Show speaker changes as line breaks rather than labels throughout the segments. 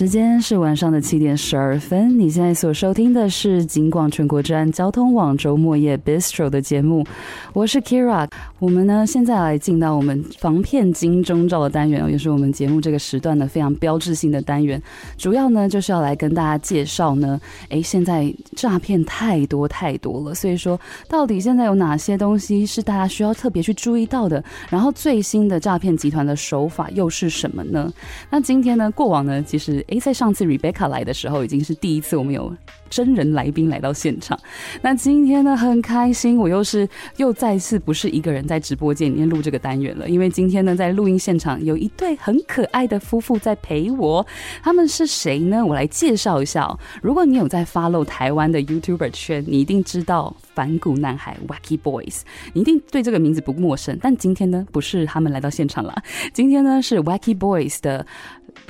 時間是晚上的七點十二分。你現在所收聽的是警廣全國治安交通網週末夜 Bistro 的節目，我是 Kira。我們呢現在來進到我們防騙金鐘罩的單元、哦，也、就是我們節目這個時段的非常標誌性的單元。主要呢就是要來跟大家介紹呢，誒，現在詐騙太多太多了，所以說到底現在有哪些東西是大家需要特別去注意到的？然後最新的詐騙集團的手法又是什麼呢？那今天呢，過往呢其實。誒，在上次 Rebecca 來的時候，已經是第一次我們有真人來賓來到現場。那今天呢，很開心，我又是又再次不是一個人在直播間裡面錄這個單元了，因為今天呢，在錄音現場有一對很可愛的夫婦在陪我。他們是誰呢？我來介紹一下哦。如果你有在 follow 台灣的 YouTuber 圈，你一定知道反骨男孩 Wacky Boys，你一定對這個名字不陌生。但今天呢，不是他們來到現場了，今天呢是 Wacky Boys 的。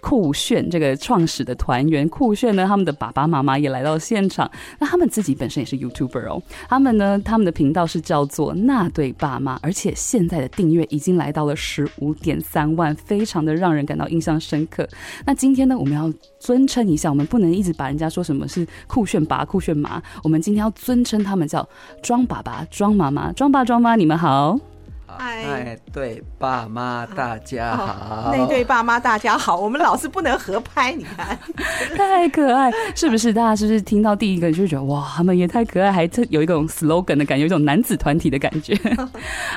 酷炫這個創始的團員酷炫呢，他們的爸爸媽媽也來到現場。那他們自己本身也是 YouTuber 哦，他們呢，他們的頻道是叫做那對爸媽，而且現在的訂閱已經來到了十五點三萬，非常的讓人感到印象深刻。那今天呢，我們要尊稱一下，我們不能一直把人家說什麼是酷炫爸、酷炫媽，我們今天要尊稱他們叫莊爸爸、莊媽媽、莊爸、莊媽，你們好。
哎，哦、對，爸媽
大家好。啊啊啊啊、那對
爸媽大家好，我們老是不能合拍，你
看， 太可愛，是不是？大家是不是聽到第一個就覺得哇，他們也太可愛，還特有一種 slogan 的感覺，有一種男子團體的感覺。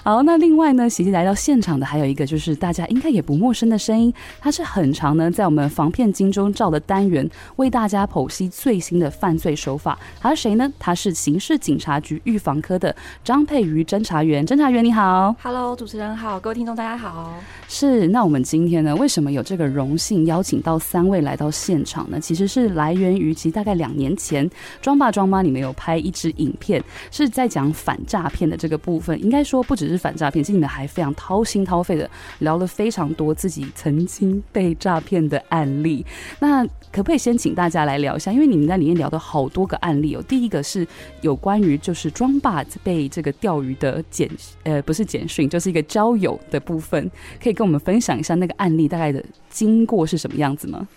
好，那另外呢，喜喜來到現場的還有一個就是大家應該也不陌生的聲音，他是很常呢，在我們防騙金鐘罩的單元為大家剖析最新的犯罪手法。他是誰呢？他是刑事警察局預防科的張佩愉偵查員。偵查員你好。
Hello，主持人好，各位聽眾大家好。
是，那我們今天呢，為什麼有這個榮幸邀請到三位來到現場呢？其實是來源於，其實大概兩年前莊爸莊媽你們有拍一支影片，是在講反詐騙的這個部分。應該說不只是反詐騙，其實你們還非常掏心掏肺的聊了非常多自己曾經被詐騙的案例。那可不可以先請大家來聊一下？因為你們在裡面聊的好多個案例哦、喔。第一個是有關於就是莊爸被這個釣魚的簡，呃，不是簡。就是一個交友的部分，可以跟我們分享一下那個案例大概的經過是什麼樣子嗎？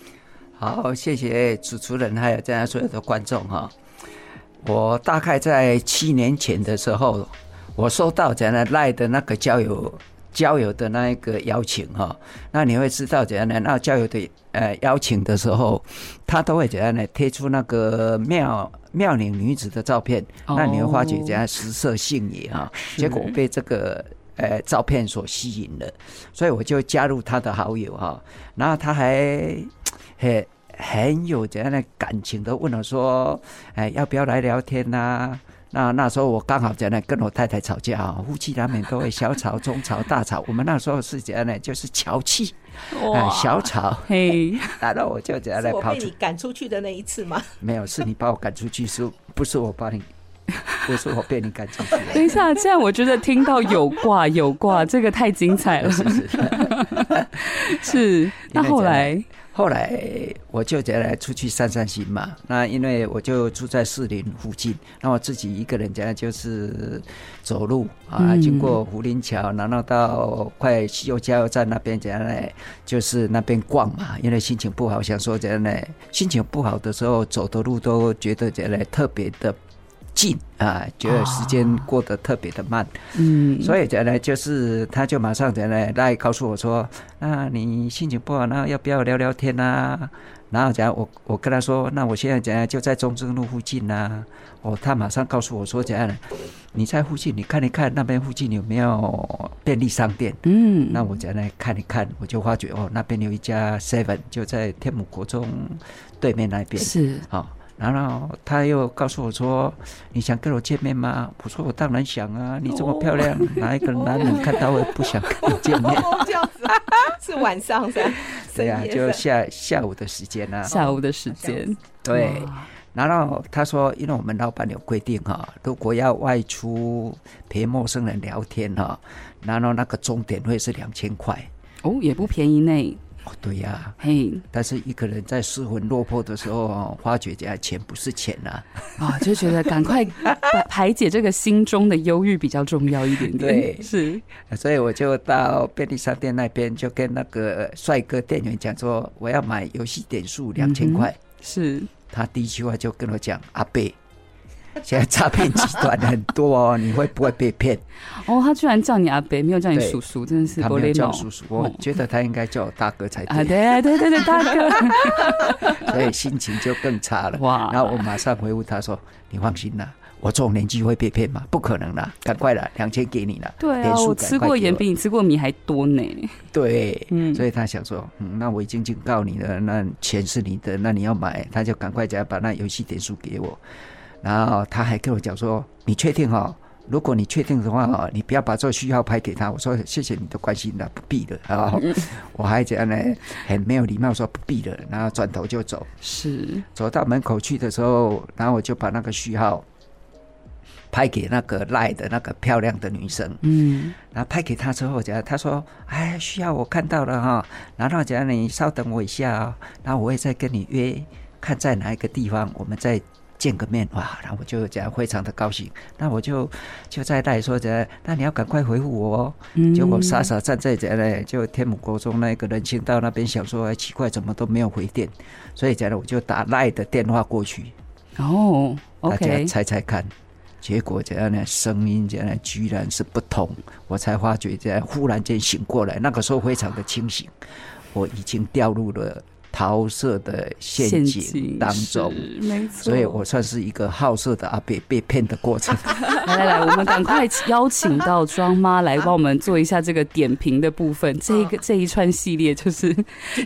好，謝謝主持人還有這樣所有的觀眾哈。我大概在七年前的時候，我收到怎樣的賴的那個交友交友的那一個邀請哈。那你會知道怎樣呢？那交友的呃邀請的時候，他都會怎樣呢？貼出那個妙妙齡女子的照片，那你會發覺怎樣？食色性也啊。哈，結果被這個。呃、欸、照片所吸引的，所以我就加入他的好友哈。然後他還很很有這樣的感情的問我說：“哎、欸，要不要來聊天吶、啊？”那那時候我剛好在那跟我太太吵架啊，夫妻難免都會小吵、中吵、大吵。我們那時候是這樣的，就是喬氣，哇嗯、小吵嘿。然後我就怎樣來跑出。我被你趕
出去的那一次嗎？
沒有，是你把我趕出去， 是不是我把你？我說我被你趕出
去。等一下、啊，這樣我覺得聽到有掛有掛，這個太精彩了。是那後來，後來我就覺得出去
散散心嘛。那因為我就住在士林附近，那我自己一個人家就是走路啊，經過福林橋，然後到快西油加油站那邊，這樣呢，就是那邊逛嘛。因為心情不好，想說這樣呢，心情不好的時候走的路都覺得這樣特別的。近啊，覺得時間過得特別的慢，哦、嗯，所以講呢，就是他就馬上講呢來告訴我說，啊，你心情不好，那要不要聊聊天啊？然後講我，我跟他說，那我現在講就在中正路附近吶，哦，他馬上告訴我說講，你在附近，你看一看那邊附近有沒有便利商店？嗯，那我講來看一看，我就發覺哦，那邊有一家 Seven，就在天母國中對面那邊，是哦。啊然後他又告訴我說：“你想跟我見面嗎？”我說：“我當然想啊！你這麼漂亮，oh, my 哪一個男人看到我不想跟你見面？”這
樣子，是晚上噻？對呀、啊，就下
下午的時間、啊、下午的時間，對，對。然後他說：“因為我們老板有規定哈、啊，如果要外出陪陌生人聊天哈、啊，然後那個鐘點會是兩千塊哦，也不便宜呢。”哦，對呀、啊，嘿，Hey. 但是一個人在失魂落魄的時候，發覺家錢不是錢了，
啊，oh, 就覺得趕快
排排解這個心中的憂鬱比較重要一點,點。 對，是，所以我就到便利商店那邊，就跟那個帥哥店員講說，我要買遊戲點數兩千塊。Mm hmm. 是，他第一句話就跟我講，阿伯。現在詐騙集團很多哦，你會不會被騙？
哦，他居然叫你阿伯，沒有叫你叔叔，真的是。No、他沒有叫叔叔，我
覺得他應該叫我大哥才對。哦 啊對，
啊、對對對對，大哥，
所以心情就更差了哇！然後我馬上回復他說：“你放心啦，我這種年紀會被騙嗎？不可能啦！趕快啦，兩千給你啦。”對、啊、我，我吃過鹽比
你吃過米還多呢。
對，嗯，所以他想說：“嗯，那我已經警告你了，那錢是你的，那你要買，他就趕快講把那遊戲點數給我。”然後他還跟我講說：“你確定哦？如果你確定的話，你不要把這個序號拍給他。”我說：“謝謝你的關心，那不必的啊。”我還這樣呢，很沒有禮貌說不必的，然後轉頭就走。是走到門口去的時候，然後我就把那個序號拍給那個賴的那個漂亮的女生。嗯，然後拍給他之後，講，他說：“哎，需要，我看到了哈、哦。”然後講你稍等我一下、哦、然後我會再跟你約，看在哪一個地方，我們再。見個面哇，然後我就這樣非常的高興，那我就就在賴說着，那你要趕快回復我哦。Mm hmm. 結果傻傻站在這呢，就天母國中那一個人行道那邊，想說奇怪怎麼都沒有回電，所以這樣我就打賴的電話過去。
哦，oh, okay. 大家猜
猜看，結果這樣聲音這樣居然是不同，我才發覺這樣忽然間醒過來，那個時候非常的清醒，我已經掉入了桃色的陷阱當中，沒錯，所以我算是一個好色的阿伯被騙的過程。
來來來，我們趕快邀請到莊媽來幫我們做一下這個點評的部分。啊、這個這一串系列，就是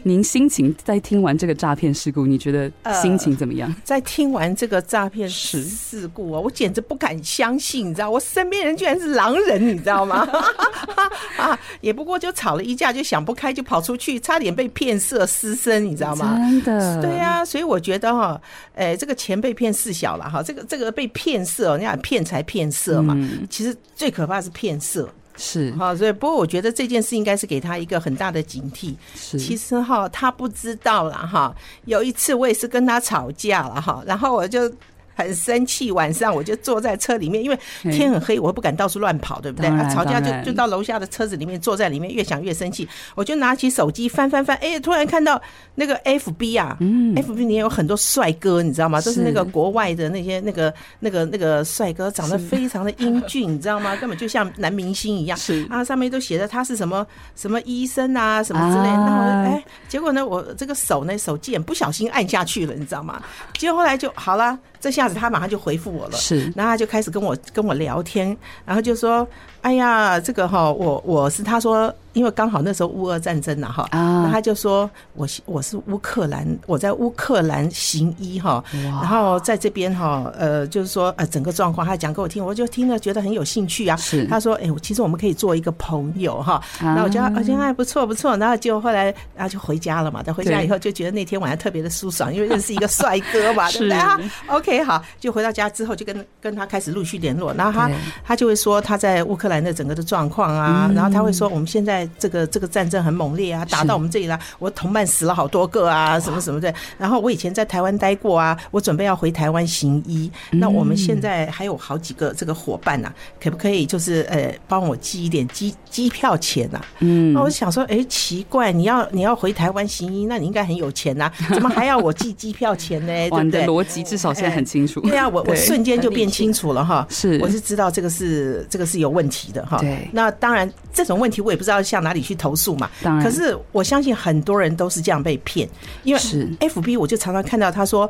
您心情在聽完這個詐騙事故，你覺得心情怎麼樣？呃、
在聽完這個詐騙事事故啊，我簡直不敢相信，你知道，我身邊人居然是狼人，你知道嗎？ 啊，也不過就吵了一架，就想不開就跑出去，差點被騙色失身，你知道。你知道嗎？真的，對呀、啊，所以我覺得哈，哎、欸，這個錢被騙事小了哈，這個這個被騙色，你看騙財騙色嘛，嗯、其實最可怕是騙色是哈，所以不過我覺得這件事應該是給他一個很大的警惕。是，其實哈，他不知道了哈，有一次我也是跟他吵架了哈，然後我就，很生氣，晚上我就坐在車裡面，因為天很黑，我不敢到處亂跑，對不對？吵架就就到樓下的車子裡面，坐在裡面越想越生氣，我就拿起手機翻翻翻，哎，突然看到那個 FB 啊，FB 裡面有很多帥哥，你知道嗎？都是那個國外的那些那個那個那個帥哥，長得非常的英俊，你知道嗎？根本就像男明星一樣。是啊，上面都寫著他是什麼什麼醫生啊，什麼之類的。那哎，結果呢，我這個手呢，手賤不小心按下去了，你知道嗎？結果後來就好了。這下子他馬上就回復我了，是，然後他就開始跟我跟我聊天，然後就說。哎呀，這個哈，我我是他說，因為剛好那時候烏俄戰爭呢哈，那他就說，我我是烏克蘭，我在烏克蘭行醫哈，然後在這邊哈，呃，就是說呃，整個狀況他講給我聽，我就聽了覺得很有興趣啊。是，他說，哎，其實我們可以做一個朋友哈，那我就我就哎，不錯不錯，然後就後來然後就回家了嘛。他回家以後就覺得那天晚上特別的舒爽，因為認識一個帥哥嘛，對不對啊？OK，好，就回到家之後就跟跟他開始陸續聯絡，然後他他就會說他在烏克。來，那整個的狀況啊，然後他會說：“我們現在這個這個戰爭很猛烈啊，打到我們這裡來，我同伴死了好多個啊，什麼什麼的。然後我以前在台灣待過啊，我準備要回台灣行醫。那我們現在還有好幾個這個夥伴啊，可不可以就是呃、欸、幫我寄一點機機票錢啊？嗯，那我想說，哎，奇怪，你要你要回台灣行醫，那你應該很有錢吶，啊，怎麼還要我寄機票錢呢？對不對，邏輯至少現在很清楚。對啊，我我瞬間就變清楚了哈。是，我是知道這個是這個是，這個是有問題。.的哈，對那當然這種問題我也不知道向哪裡去投訴嘛。然可是我相信很多人都是這樣被騙，因為 FB 我就常常看到他說：“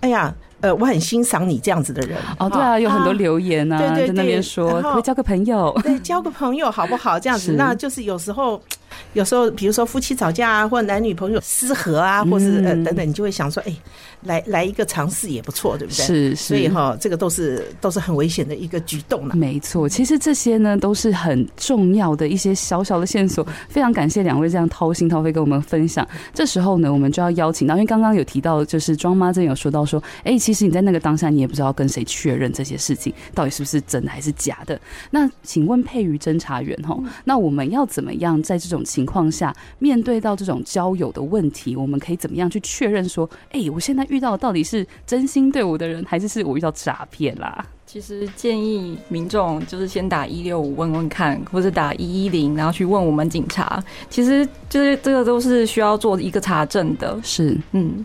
哎呀，呃，我很欣賞你這樣子的人。”哦，對啊，哦、有很多留言啊，啊對，對，對那邊說後可，可以交個朋友，對，交個朋友好不好？這樣子，是那就是有時候。有時候，比如說夫妻吵架啊，或者男女朋友失和啊，或者是呃等等，你就會想說，哎、欸，來
來一個嘗試也不錯，對不對？是，是，所以哈，這個都是都是很危險的一個舉動了、啊、沒錯，其實這些呢都是很重要的一些小小的線索。非常感謝兩位這樣掏心掏肺跟我們分享。這時候呢，我們就要邀請到，因為剛剛有提到，就是莊媽真有說到說，哎、欸，其實你在那個當下，你也不知道跟誰確認這些事情到底是不是真的還是假的。那請問佩愉偵查員哈，那我們要怎麼樣在這種情況下面對到這種交友的問題，我們可以怎麼樣去確認？說，哎、欸，我現在遇到到底是真心對我的人，還是是我遇到詐騙啦？
其實建議民眾就是先打一六五問問看，或是打一一零，然後去問我們警察。其實，就是這個都是需要做一個查證的。是，嗯。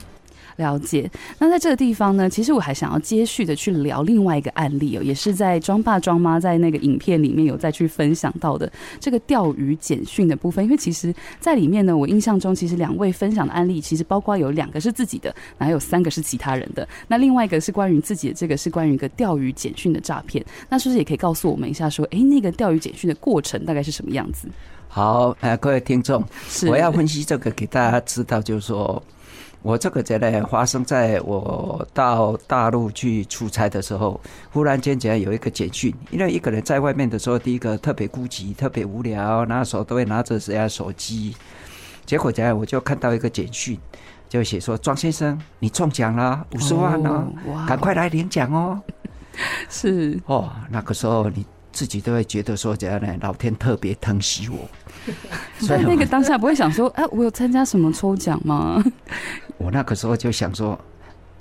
了解，
那在這個地方呢，其實我還想要接續的去聊另外一個案例哦，也是在莊爸莊媽在那個影片裡面有再去分享到的這個釣魚簡訊的部分，因為其實在裡面呢，我印象中其實兩位分享的案例其實包括有兩個是自己的，還有三個是其他人的，那另外一個是關於自己的，這個是關於一個釣魚簡訊的詐騙，那是不是也可以告訴我們一下說，欸，那個釣魚簡訊的過程大概是什麼樣子？
好，呃，各位聽眾，是我要分析這個給大家知道，就是說。我這個在呢發生在我到大陸去出差的時候，忽然間這有一個簡訊，因為一個人在外面的時候，第一個特別孤寂，特別無聊，拿手都會拿着這樣手機。結果這我就看到一個簡訊，就寫說：“莊先生，你中獎了，五十萬了、啊，哦哦、趕快來領獎哦！”是哦，那個時候你自己都會覺得說這樣呢，老天特別疼惜我。
所以那個當下不會想說：“哎、 啊，我有參加什麼抽獎嗎？”
我那個時候就想說，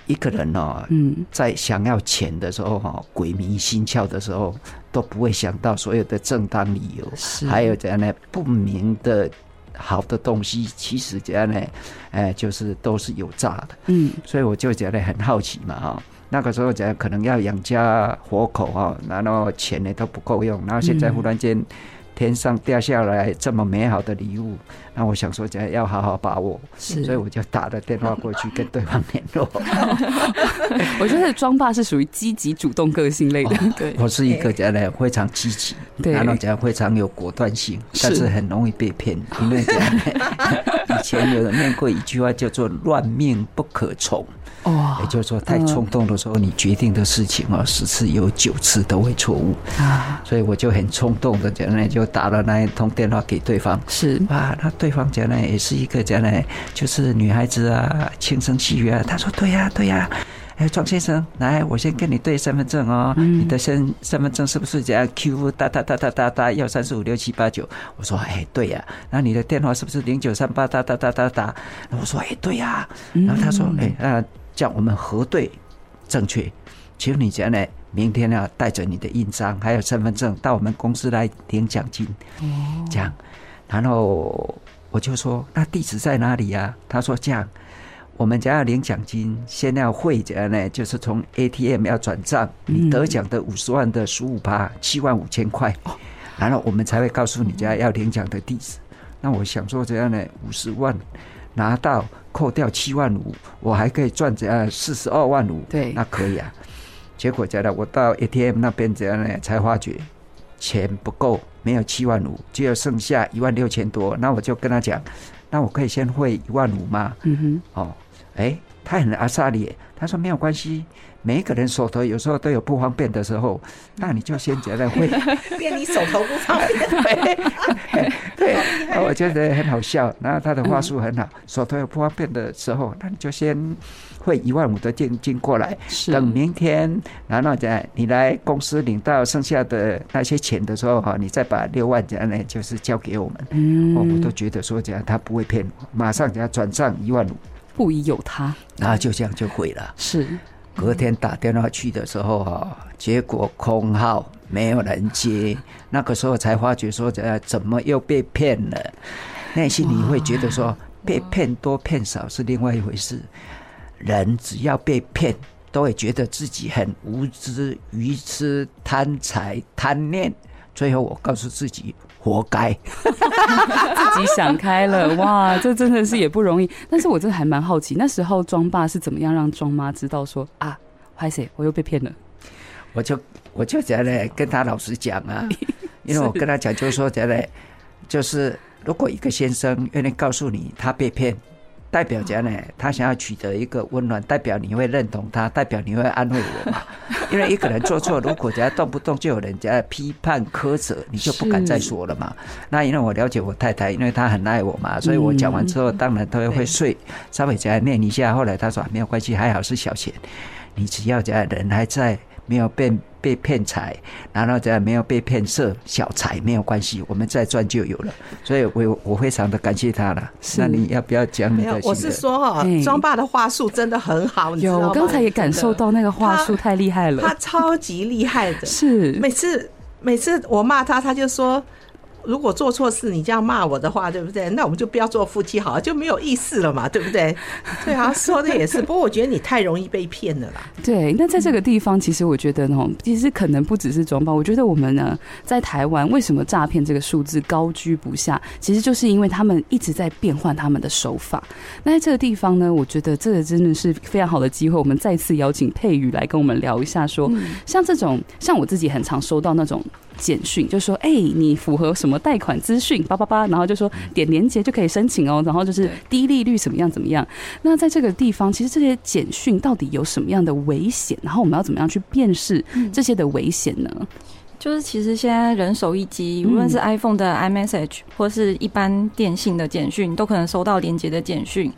一個人呢，在想要錢的時候哈，鬼迷心竅的時候，都不會想到所有的正當理由，是還有這樣呢不明的好的東西，其實這樣呢，哎，就是都是有詐的，嗯，所以我就覺得很好奇嘛哈。那個時候覺得可能要養家活口哈，然後錢呢都不夠用，然後現在忽然間。天上掉下來這麼美好的禮物，那我想說，這要好好把握，是所以我就打了電話過去跟對方聯絡。
我覺得莊爸是屬於積極主動個性類的，oh, 對。我是一個
這樣非常積極，對然後這樣非常有果斷性，對但是很容易被騙。是因為以前有人念過一句話叫做“亂命不可從 ”，oh. 也就是說，太衝動的時候，你決定的事情啊，十次有九次都會錯誤。Oh. 所以我就很衝動的講呢，就。打了那一通電話給對方，是吧？那對方講呢，也是一個講呢，就是女孩子啊，輕聲細語啊。他說：“對呀、啊，對呀、啊。欸”哎，莊先生，來，我先跟你對身份證哦。嗯、你的身身份證是不是這樣？Q 噠噠噠噠噠噠，幺三四五六七八九。我說：“哎、欸，對呀、啊。”那你的電話是不是零九三八噠噠噠噠噠？我說：“哎、欸，對呀、啊。”然後他說：“哎、欸，那叫我們核對正確。”請你家呢，明天呢帶着你的印章還有身份證到我們公司來領獎金。哦。這樣，然後我就說，那地址在哪裡呀、啊？他說，這樣，我們家要領獎金，先要匯這樣呢，就是從 ATM 要轉賬，你得獎的五十萬的十五趴，七萬五千塊，然後我們才會告訴你家要領獎的地址。那我想說這樣呢，五十萬拿到扣掉七萬五，我還可以賺這樣四十二萬五，對，那可以啊。結果到怎樣？我到 ATM 那邊怎樣呢？才發覺錢不夠，沒有七萬五，只有剩下一萬六千多。那我就跟他講，那我可以先匯一萬五嗎？嗯哼，哦，哎、欸，他很阿薩里，他說沒有關係。每一個人手頭有時候都有不方便的時候，嗯、那你就先覺得會
變你手頭不方便
對。對，我覺得很好笑。然後他的話術很好，嗯、手頭有不方便的時候，那你就先匯一萬五的定金過來，是等明天然後你來公司領到剩下的那些錢的時候哈，你再把六萬這樣呢就是交給我們。嗯、我們都覺得說這樣他不會騙我，馬上給他轉賬一萬五，
不疑有他，
然後就這樣就毀了。是。隔天打電話去的時候哈，結果空號，沒有人接。那個時候才發覺說，哎，怎麼又被騙了？內、那個、心你會覺得說，被騙多騙少是另外一回事。人只要被騙，都會覺得自己很無知、愚癡、貪財、貪
念。最後，我告訴自己。
活該，
自己想開了哇！這真的是也不容易。但是，我真的還蠻好奇，那時候莊爸是怎麼樣讓莊媽知道說啊，歹勢，我又被騙了。
我、啊、我、
我就我就在那跟他
老實講啊，因為我跟他講，就是說在那，就是如果一個先生願意告訴你他被騙。代表啥呢？他想要取得一個溫暖，代表你會認同他，代表你會安慰我嘛？ 因為一個人做錯，如果人家動不動就有人家批判苛責，你就不敢再說了嘛。是 那因為我了解我太太，因為她很愛我嘛，所以我講完之後，當然她會，會睡，嗯、對 稍微再念一下。後來她說、啊、沒有關係，還好是小錢，你只要家人還在。沒有被被騙財，然後再沒有被騙色，小財沒有關係，我們再賺就有了。所以我，我我非常的感謝他了。是那你要不要講你的的？沒有，我是說哈、哦，莊
爸、嗯、的話術真的很好。有，我剛才也感受到那個話術太厲害了、嗯他。他
超級厲害的， 是每次每次我罵他，他就說。如果做錯事，你這樣罵我的話，對不對？那我們就不要做夫妻好了，好就沒有意思了嘛，對不對？對啊，說的也是。 不過我覺得你太容易被騙了啦。
對，那在這個地方，其實我覺得呢，其實可能不只是裝包。我覺得我們呢，在台灣為什麼詐騙這個數字高居不下，其實就是因為他們一直在變換他們的手法。那在這個地方呢，我覺得這個真的是非常好的機會。我們再次邀請佩愉來跟我們聊一下說，說像這種，像我自己很常收到那種。簡訊就是說：“哎，你符合什麼貸款資訊？叭叭叭，然後就說點連結，就可以申請哦、喔，然後就是低利率怎麼樣怎麼樣。那在這個地方，其實這些簡訊到底有什麼樣的危險？然後我們要怎麼樣去辨識這些的危險呢？
就是其實現在人手一機，無論是 iPhone 的 iMessage 或是一般電信的簡訊，都可能收到連結的簡訊。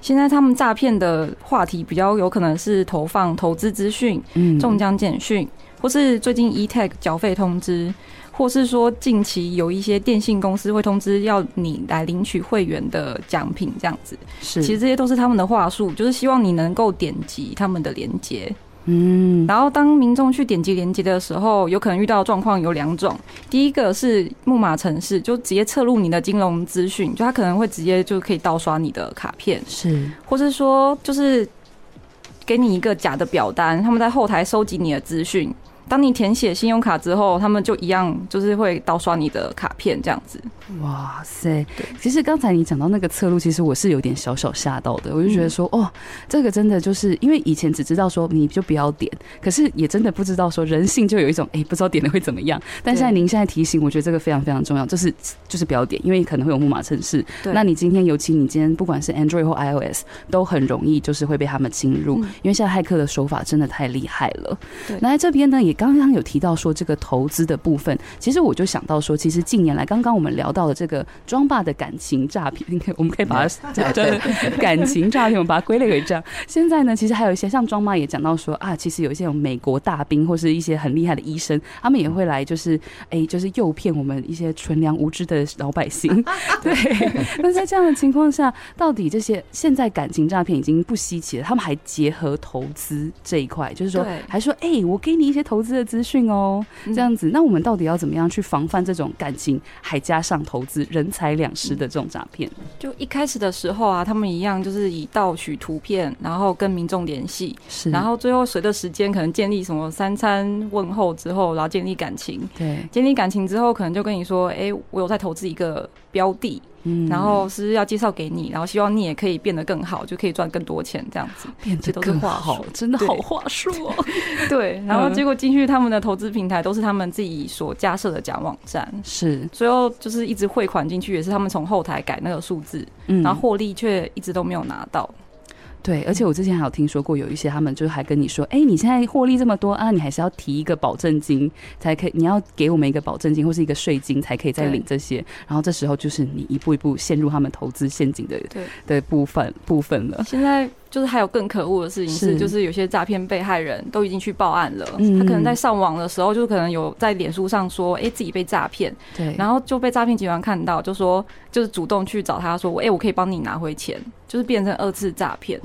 現在他們詐騙的話題比較有可能是投放投資資訊，嗯，中獎簡訊。”或是最近 eTag 繳費通知，或是說近期有一些電信公司會通知要你來領取會員的獎品，這樣子是，其實這些都是他們的話術，就是希望你能夠點擊他們的鏈接。
嗯，
然後當民眾去點擊鏈接的時候，有可能遇到的狀況有兩種，第一個是木馬程式，就直接側入你的金融資訊，就他可能會直接就可以盜刷你的卡片，是，或是說就是給你一個假的表單，他們在後台收集你的資訊。當你填寫信用卡之後，他們就一樣就是會盜刷你的卡片這樣子。
哇塞！對，其實剛才你講到那個側錄，其實我是有點小小嚇到的。我就覺得說，嗯、哦，這個真的就是因為以前只知道說你就不要點，可是也真的不知道說人性就有一種哎、欸、不知道點了會怎麼樣。但現在您現在提醒，我覺得這個非常非常重要，就是就是不要點，因為可能會有木馬程式對那你今天尤其你今天不管是 Android 或 iOS，都很容易就是會被他們侵入，嗯、因為現在駭客的手法真的太厲害了。對，那在這邊呢也。剛剛有提到說這個投資的部分，其實我就想到說，其實近年來剛剛我們聊到的這個莊爸的感情詐騙，我們可以把它叫做 感情詐騙，我們把它歸類為這樣。現在呢，其實還有一些像莊媽也講到說啊，其實有一些有美國大兵或是一些很厲害的醫生，他們也會來就是哎、欸，就是誘騙我們一些純良無知的老百姓。 對，那 在這樣的情況下，到底這些現在感情詐騙已經不稀奇了，他們還結合投資這一塊，就是說對還說哎、欸，我給你一些投。資的資訊哦，這樣子，那我們到底要怎麼樣去防範這種感情還加上投資人財兩失的這種詐騙？
就一開始的時候啊，他們一樣就是以盜取圖片，然後跟民眾聯繫，是，然後最後隨着時間可能建立什麼三餐問候之後，然後建立感情，對，建立感情之後，可能就跟你說，哎、欸，我有在投資一個標的。然後是要介紹給你，然後希望你也可以變得更好，就可以賺更多錢這樣子。變得更好，這都是話術，真的好話術哦。對， 對，然後結果進去他們的投資平台都是他們自己所架設的假網站。是，最後就是一直匯款進去，也是他們從後台改那個數字，嗯，然後獲利卻一直都沒有拿到。
對，而且我之前還有聽說過，有一些他們就是還跟你說，哎、欸，你現在獲利這麼多啊，你還是要提一個保證金才可以，你要給我們一個保證金或是一個稅金才可以再領這些。對然後這時候就是你一步一步陷入他們投資陷阱的對的部分對部分了。
現在。就是還有更可惡的事情是，就是有些詐騙被害人都已經去報案了，他可能在上網的時候，就可能有在臉書上說，誒，自己被詐騙，然後就被詐騙集團看到，就說，就是主動去找他說，我，欸，我可以幫你拿回錢，就是變成二次詐騙。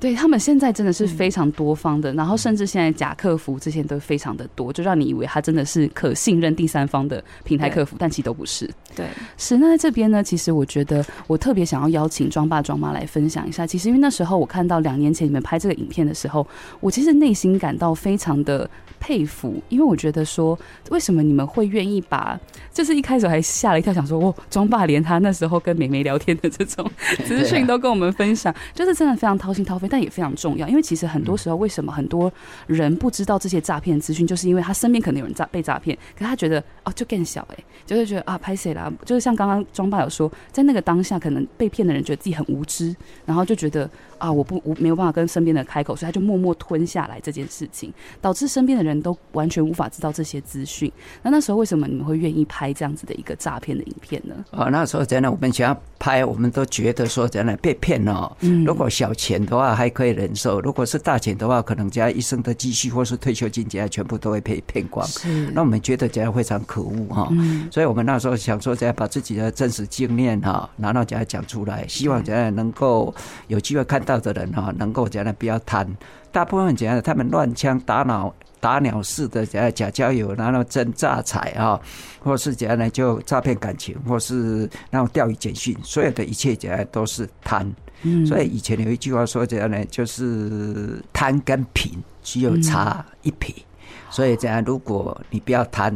對，他們現在真的是非常多方的，然後甚至現在假客服這些都非常的多，就讓你以為他真的是可信任第三方的平台客服，但其實都不是。對，是那在這邊呢，其實我覺得我特別想要邀請莊爸莊媽來分享一下。其實因為那時候我看到兩年前你們拍這個影片的時候，我其實內心感到非常的佩服，因為我覺得說，為什麼你們會願意把就是一開始我還嚇了一跳，想說，哦，莊爸連他那時候跟美眉聊天的這種資訊 對、啊、都跟我們分享，就是真的非常掏心但也非常重要，因為其實很多時候，為什麼很多人不知道這些詐騙資訊，就是因為他身邊可能有人詐被詐騙，可是他覺得哦，就更小哎，就是覺得啊，拍誰啦，就是像剛剛莊爸有說，在那個當下，可能被騙的人覺得自己很無知，然後就覺得啊我不無沒有辦法跟身邊的開口，所以他就默默吞下來這件事情，導致身邊的人都完全無法知道這些資訊。那那時候為什麼你們會願意拍這樣子的一個詐騙的影片呢？啊、哦，
那時候真的我們想要拍，我們都覺得說真的被騙了嗯、喔，如果小錢的話。還可以忍受，如果是大錢的話，可能家一生的積蓄或是退休金錢全部都會被騙光。是那我們覺得這樣非常可惡哈。嗯，所以我們那時候想說，這樣把自己的真實經驗哈，拿到家講出來，希望家能夠有機會看到的人哈，能夠家呢不要貪。大部分家的他們亂槍打鳥，打鳥似的假交友，然後真詐財，或是怎樣呢？就詐騙感情，或是那種釣魚簡訊，所有的一切怎樣都是貪。嗯、所以以前有一句話說怎樣呢，就是貪跟貧只有差一撇。嗯、所以這樣，如果你不要貪。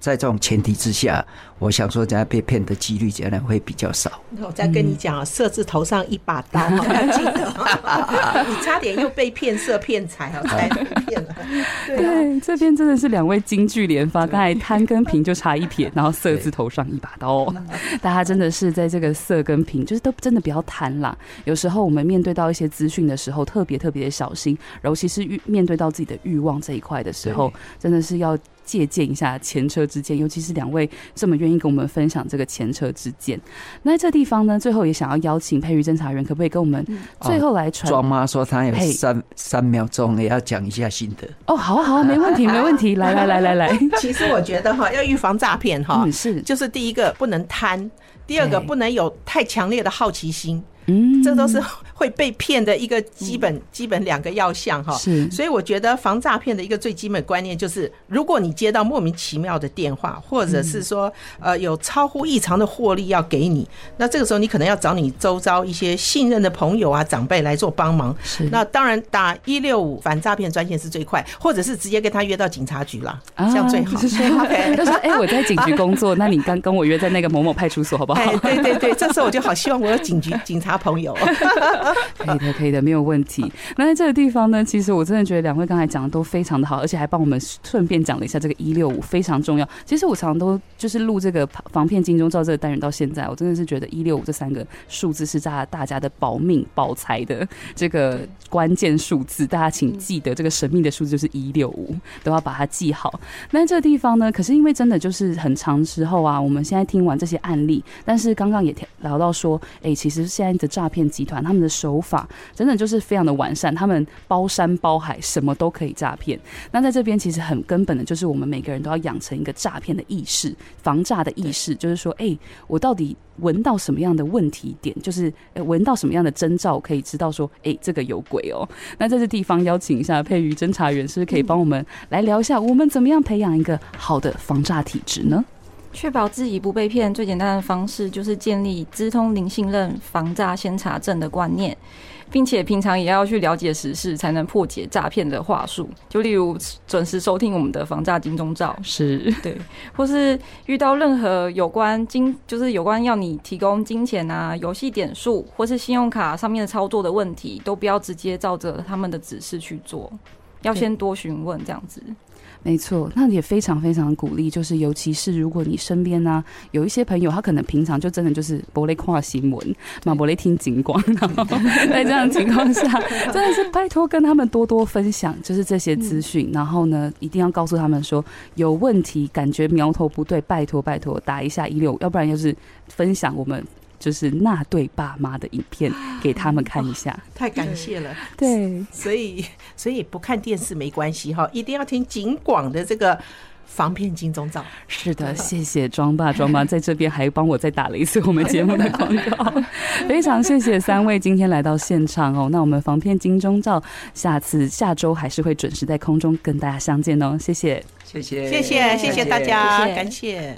在這種前提之下，我想說，在被騙的幾率將來會比較少。那
我再跟你
講啊，嗯、色字頭上一把刀，哦、
你差點又被騙色騙財，好，
對，啊、對，這邊真的是兩位金句連發，剛才貪跟貧就差一撇，然後色字頭上一把刀，哦，對大家真的是在這個色跟貧，就是都真的比較貪啦。有時候我們面對到一些資訊的時候，特別特別小心，尤其是遇面對到自己的欲望這一塊的時候，對真的是要。借鑒一下前車之鑒，尤其是兩位這麼願意跟我們分享這個前車之鑒。那這地方呢，最後也想要邀請佩愉偵查員，可不可以跟我們最後來傳？莊媽、
哦、說她有三嘿三秒鐘，也要講一下心得。
哦，好好，沒問題，啊、沒問題，來來來來來。其實我
覺得哈， 要預防詐騙哈，嗯、是就是第一個不能貪，第二個不能有太強烈的好奇心。嗯，這都是會被騙的一個基本基本兩個要項哈。是，所以我覺得防詐騙的一個最基本觀念就是，如果你接到莫名其妙的電話，或者是說呃有超乎異常的獲利要給你，那這個時候你可能要找你周遭一些信任的朋友啊、長輩來做幫忙。是，那當然打165反詐騙專線是最快，或者是直接跟他約到警察局啦，這樣最好。OK，他說哎我在警局工
作，那你剛跟我約在那個某某派出所好不好？哎對對對，這時候我就好希望我有警局警察。朋友， 可以的，可以的，沒有問題。那在這個地方呢，其實我真的覺得兩位剛才講的都非常的好，而且還幫我們順便講了一下這個一六五非常重要。其實我常常都就是錄這個防騙金鐘罩這個單元到現在，我真的是覺得一六五這三個數字是大家大家的保命保財的這個關鍵數字，大家請記得這個神秘的數字就是一六五，都要把它記好。那這個地方呢，可是因為真的就是很長時候啊，我們現在聽完這些案例，但是剛剛也聊到說，哎，其實現在。的詐騙集團，他們的手法真的就是非常的完善，他們包山包海，什麼都可以詐騙。那在這邊其實很根本的就是，我們每個人都要養成一個詐騙的意識、防詐的意識，對就是說，哎、欸，我到底聞到什麼樣的問題點，就是聞、欸、到什麼樣的徵兆，可以知道說，哎、欸，這個有鬼哦。那在這地方邀請一下佩愉偵查員，是不是可以幫我們來聊一下，我們怎麼樣培養一個好的防詐體質呢？
確保自己不被騙，最簡單的方式就是建立“資通零信任、防詐先查證”的觀念，並且平常也要去了解時事，才能破解詐騙的話術。就例如準時收聽我們的防詐金鐘罩，是對，或是遇到任何有關金，就是有關要你提供金錢啊、遊戲點數或是信用卡上面的操作的問題，都不要直接照着他們的指示去做，要先多詢問這樣子。
沒錯，那也非常非常鼓勵，就是尤其是如果你身邊呢、啊、有一些朋友，他可能平常就真的就是無咧看新聞，嘛無咧聽警廣，然後在這樣的情況下， 真的是拜託跟他們多多分享，就是這些資訊，嗯、然後呢一定要告訴他們說有問題，感覺苗頭不對，拜託拜託打一下一六五，要不然就是分享我們。就是那對爸媽的影片，給他們看一下。哦、
太感謝了，是對，所以所以不看電視沒關係哈，一定要聽警廣的這個防騙金鐘罩。
是的，謝謝莊爸、莊媽，在這邊還幫我再打了一次我們節目的廣告， 非常謝謝三位今天來到現場哦。那我們防騙金鐘罩下，下次下周還是會準時在空中跟大家相見哦。謝謝，謝謝，
謝謝，謝謝大家，感
謝，謝。